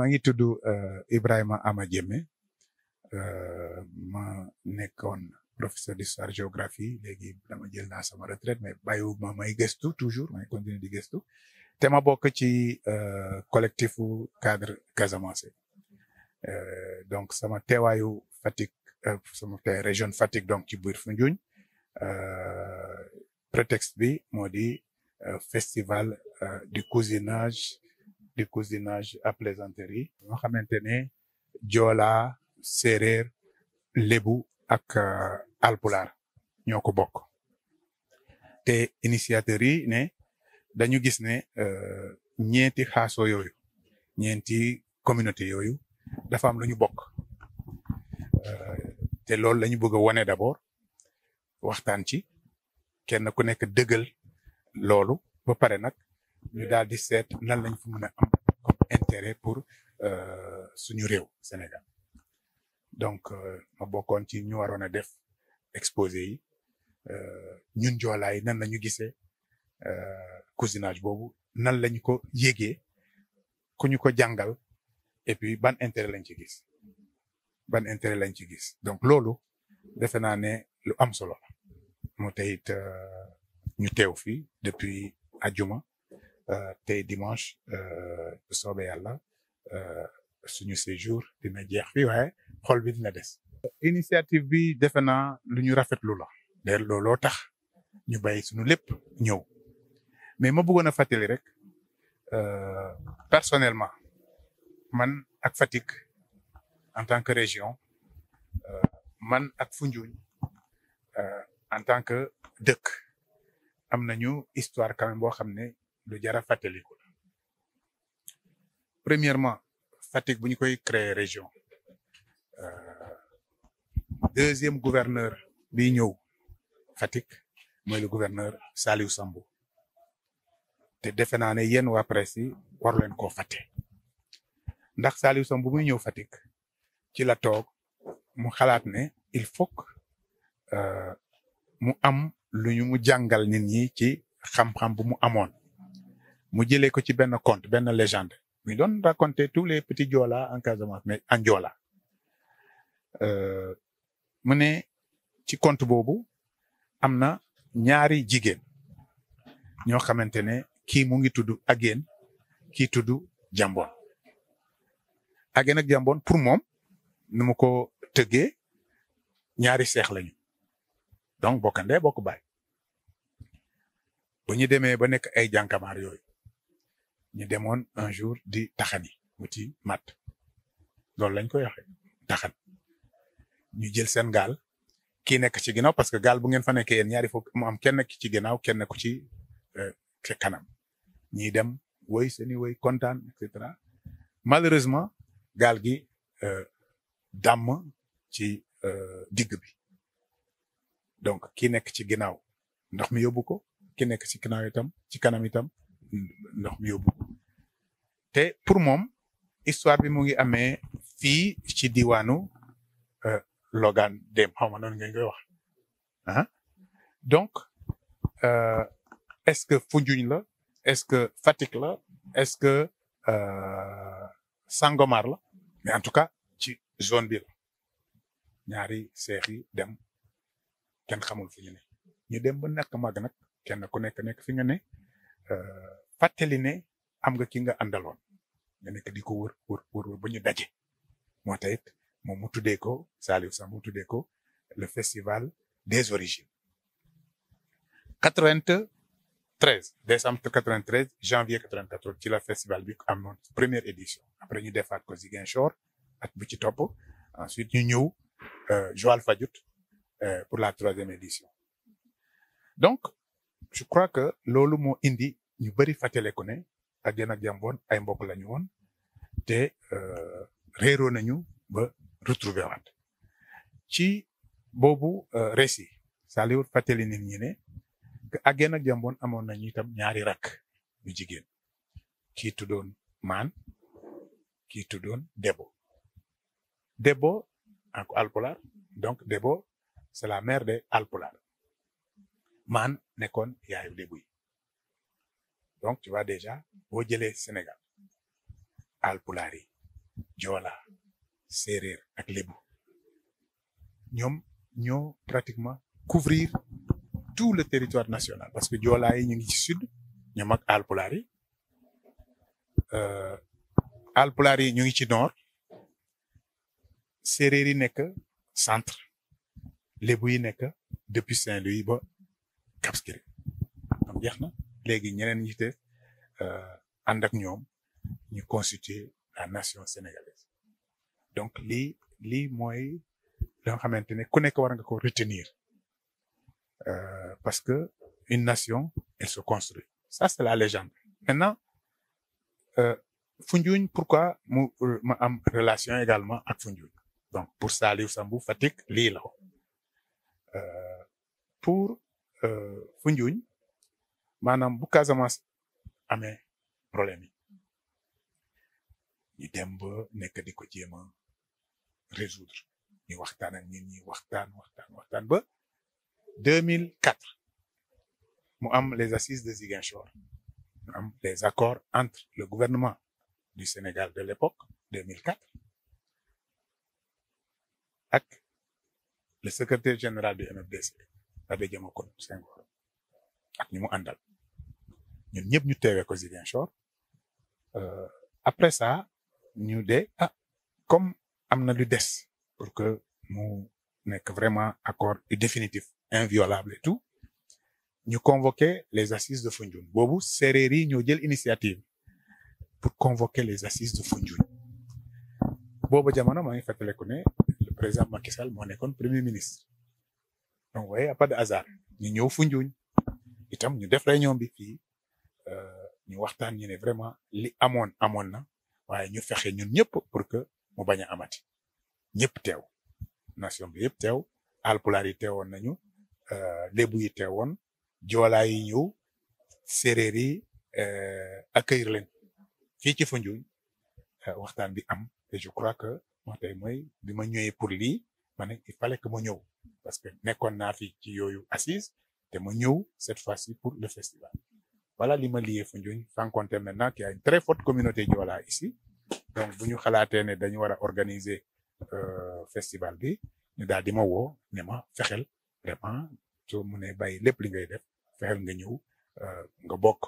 maa ngi tudd eh, Ibrahima Ama Diémé eh, ma nekkoon professeur d'histoire géographie léegi dama jël naa sama retraite mais bàyyiwu ma may gëstu toujours may continuer di gëstu te ma bokk ci eh, collectifu cadre Casamance donc sama teewaayu Fatick sama te région Fatick donc ci biir Foundiougne prétexte bi moo di festival du cousinage du cousinage à plaisanterie nga xamante ne joola séeréer lébu ak euh, alpulaar ñoo ko bokk te initiateurs yi ne dañu gis ne euh, ñeenti xaaso yooyu ñeenti communauté yooyu dafa am lu ñu bokk euh, te loolu la ñu bëgg a wane d'abord waxtaan ci kenn ku nekk dëggal loolu ba pare nag ñu daal di nan lañ fa mun a am comme intérêt pour euh, suñu réew Sénégal donc euh, ma bokkoon ci ñu waroon a def exposé yi euh, ñun yi nan la ñu gisee cousinage boobu nan lañu ko yégee ku ko jàngal et puis ban intérêt lañ ci gis ban intérêt lañ ci gis donc loolu defe naa ne lu am solo la ñu teew fii depuis ajuma Euh, tey dimanche euh, bu soobee yàlla euh, suñu séjour dina jeex fi waaye xol bi des. initiative bi defe naa lu ñu rafetlu la. de looloo tax ñu bay suñu lépp ñëw mais ma bëggoon a fàttali rek personnellement man ak Fatick en tant que région man ak Foundiougne en tant que dëkk am nañu histoire quand même boo xam ne. lu jara fàttaliku la premièrement Fatick bu ñu koy créer région euh, deuxième gouverneur bi ñëw fatik mooy le gouverneur Saliou Sambou te defe naa ne yéen waa presse yi war leen koo fàtte ndax Saliou Sambou muy ñëw Fatick ci la toog mu xalaat ne il fok faut euh, mu am lu ñumu mu jàngal nit ñi ci xam-xam bu mu amoon mu jëlee ko ci benn conte benn légende mu doon raconter tous les petits Joola en Casamance mais an Joola euh, mu ne ci conte boobu am na ñaari jigéen ñoo xamante ne kii mu ngi tudd Ageen kii tudd Jambon Ageen ak Jambon pour moom nu mu ko tëggee ñaari seex lañu donc bokk ndey bokk baay bu ñu demee ba nekk ay jànkamaar yooyu ñu demoon un jour di taxani wuti mat loolu lañ koy waxee taxan ñu jël seen gaal kii nekk ci ginnaaw parce que gaal bu ngeen fa nekkee ñaari foog mu am kenn ki ci ginnaaw kenn ku euh, ci kanam ñiy dem woy seeni woy kontaan et cetera malheureusement gaal gi euh, dàmm ci euh, digg bi donc kii nekk ci ginnaaw ndox mi yóbbu ko ki nekk ci kanam itam ci kanam itam ndox mi yóbbu te pour moom histoire bi mu ngi amee fii ci diwaanu euh, Logan dem xaw ma noonu ngeen koy wax ah donc euh, est-ce que Foundiougne la est-ce que Fatick la est-ce que euh, Sangomar la mais en tout cas ci zone bi la ñaari seex yi dem kenn xamul fi ñu ne ñu dem ba nekk mag nag kenn ku nekk nekk fi nga ne Euh, fàttali ne am ga ki nga àndaloon nga nekk di ko wër wër wër ba ñu daje moo tax it moom mu tuddee ko Saliou Samb mu tuddee ko le festival des origines 93 décembre 93 janvier 94 ci la festival bi am noon première édition après ñu defaat ko Ziguinchor at bu ci topp ensuite ñu ñëw euh, Joal Fadiouth euh, pour la troisième édition donc je crois que loolu moo indi ñu bëri fàttale ko ne ak yéen ak ay mbokk lañu woon te euh, réeroo nañu ba retrouver waat ci boobu euh, resi Saliou fàttali nit ñi ne que ak yéen ak jàmm woon amoon nañu itam ñaari rakk yu jigéen kii tuddoon maan kii tuddoon debo debo en alpulaar donc debo c'est la mère de alpulaar maan nekkoon yaayu debuy donc tu vois déjà boo jëlee Sénégal alpulaar yi joola séeréer ak lébu ñoom ñoo pratiquement couvrir tout le territoire national parce que joolaa yi ñu ngi ci sud ñoom ak alpulaar yi euh, alpulaar yi ñu ngi ci nord séeréer yi nekk centre lébu yi nekk depuis Saint-Louis ba Cap na léegi ñeneen ñi te euh, ànd ak ñoom ñu constituer la nation sénégalaise donc lii lii mooy loo xamante ne ku nekk war nga ko retenir euh, parce que une nation elle se construit ça c'est la légende maintenant euh, Foundiougne pourquoi mu ma am relation également ak Foundiougne donc pour Saliou sambu Fatick lii la ko pour Foundiougne maanaam bu Casamance amee problème yi ñu dem ba nekk di ko jéem a résoudre ñu waxtaan ak nit ñi waxtaan waxtaan waxtaan ba 2004 mu am les assises de Ziguinchor mu am les accords entre le gouvernement du Sénégal de l'époque 2004 ak le secrétaire général de du MFDC Abbé Diamecoune Senghor ak ñi mu àndal ñun ñëpp ñu teewee ko Ziguinchor euh, après ça ñu de ah comme am na lu des pour que mu nekk vraiment accord définitif inviolable et tout ñu convoqué les assises de Foundiougne boobu séeréer yi ñoo jël initiative pour convoquer les assises de Foundiougne boobu jamono maa ngi fàttaliku ne le président Macky Sall moo nekkoon premier ministre donc vous voyez pas de hasard ñu ñëw Foundiougne itam ñu def réunion bi fii Euh, ñu waxtaan ñu ne vraiment li amoon amoon na waaye ñu fexe ñun ñëpp pour que mu bañ a amati ñëpp teew nation bi yëpp teew alpulaar yi teewoon nañu euh, lébu yi teewoon joolaa yi ñëw séeréer yi euh, accueillir leen fii ci Foundiougne waxtaan bi am je crois que moo tey mooy bi ma ñëwee pour lii ma ne il que ma ñëw parce que nekkoon naa fi ci yooyu assise te ma ñëw cette fois-ci pour le festival voilà li ma lié Foundiougne sans compter maintenant qu'il y a une très communauté Diola ici donc bu ñu xalaatee ne dañu war a organiser euh, festival bi ñu daal di ma woo ne ma fexeel vraiment soo mënee bàyyi lépp li ngay def fexeel nga ñëw euh, nga bokk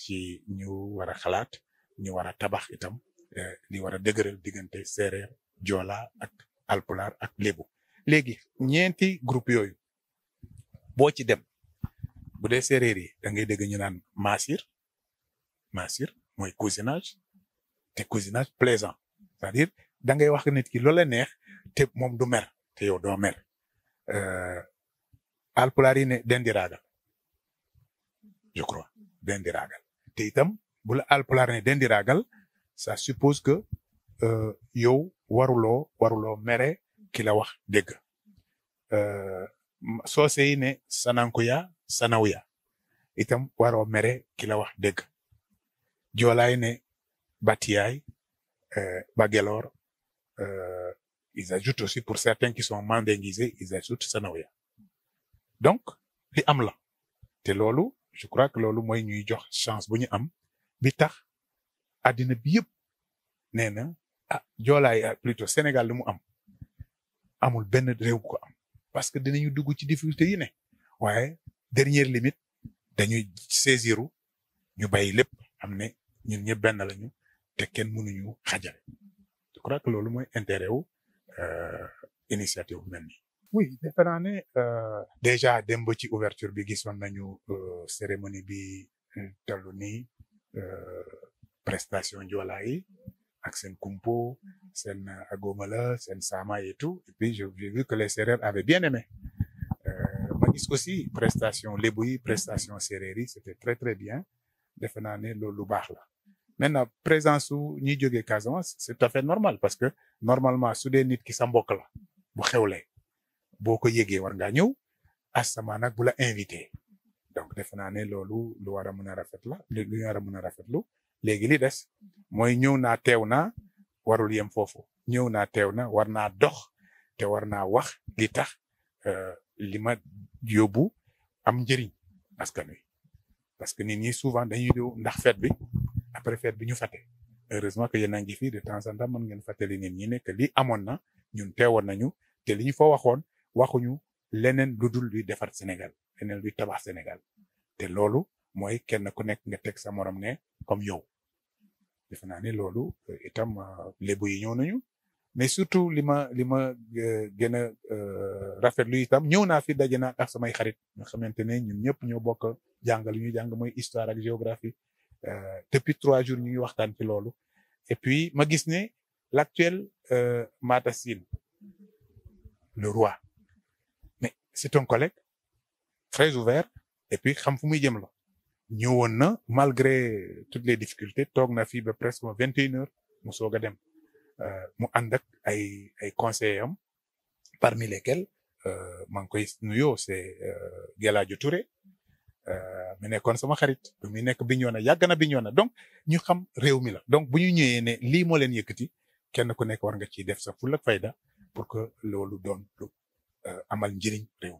ci ñu war a xalaat ñu war a tabax itam euh, li war a dëgëral diggante séeréer Joola ak alpulaar ak lébu léegi ñeenti groupe yooyu boo ci dem bu dee séeréer yi da ngay dégg ñu naan maasir maasir mooy cousinage te cousinage plaisant cest à wax nit ki loola neex te moom du mer te yow doo mer euh, alpulaar yi ne dendi raagal je crois dendi raagal te itam bu la alpulaar ne dendi raagal ça suppose que euh, yow waruloo waruloo mere ki la wax dégg euh, soose yi sanankuya sanawiya itam waroo mere ki la wax dëgg joolaay ne batiyaay euh, bagelor euh, ils ajoutent aussi pour certains qui sont mandinguisés ils ajoutent sanawiya donc li am la te loolu je crois que loolu mooy ñuy jox chance bu ñu am bi tax àddina bi yëpp nee na ah joolaay ah, plutôt Sénégal lu mu am amul benn réew ko am parce que dinañu dugg ci difficulté yi ne waaye dernière limite dañuy saisiru ñu bay lépp am ne ñun ñëpp benn lañu te kenn mënuñu xajale je crois que loolu mooy intérêt wu euh, initiative bu mel nii. oui defe naa euh, déjà démb ci ouverture bi gisoon nañu euh, cérémonie bi tellu nii prestation joolaa ak seen kumpo seen agomala seen saama et tout et puis j'ai vu que les Sérères avaient bien aimé gis aussi prestation lébu yi prestation séeréer yi c'était très très bien defe naa ne loolu lu baax la maintenant présence su ñuy jógee Casamance c'est tout à fait normal parce que normalement su dee nit ki sa mbokk la bu xew xewlee boo ko yëgee war ngaa ñëw asamaan nag bu la invité donc defe naa ne loolu lu war a mën a rafet la lu war a mën a rafetlu léegi li des mooy ñëw naa teew na warul yem foofu ñëw naa teew na war dox te war wax li euh, li ma yóbbu am njëriñ askan wi parce que nit ñi souvent dañuy do ndax fête bi après fête bi ñu fàtte heureusement que yéen a ngi fi de temps en temps mën ngeen fàttali nit ñi ne que li amoon na ñun teewoon nañu te li ñu fa waxoon waxuñu leneen lu dul luy defar Sénégal leneen luy tabax Sénégal te loolu mooy kenn ku nekk nga teg sa morom ne comme yow defe naa ne loolu itam euh, lébu yi ñëw nañu. mais surtout lima ma li ma euh, gën a euh, rafetlu itam ñëw naa fi daje naa ak samay xarit nga xamante ne ñun ñëpp ñoo bokk jàng li ñuy jàng mooy histoire ak géographie euh, depuis trois jours ñu ngi waxtaan ci loolu et puis ma gis ne l'actuel Mata Sine le roi mais c'est un collègue très ouvert et puis xam fu muy jëm la ñëwoon na malgré toutes les difficultés toog na fi ba presque vingt et une heures mu soog a dem Euh, mu ànd ak ay ay conseillers am parmi lesquels euh, maa ngi koy nuyoo c'est euh, Gelaajo Touré mu nekkoon sama xarit mi muy nekk Bignona yàgg na Bignona donc ñu xam réew mi la donc bu ñu ñëwee ne lii moo leen yëkkati kenn ku nekk war nga ciy def sa ful fayda pour que loolu doon lu amal njëriñ réew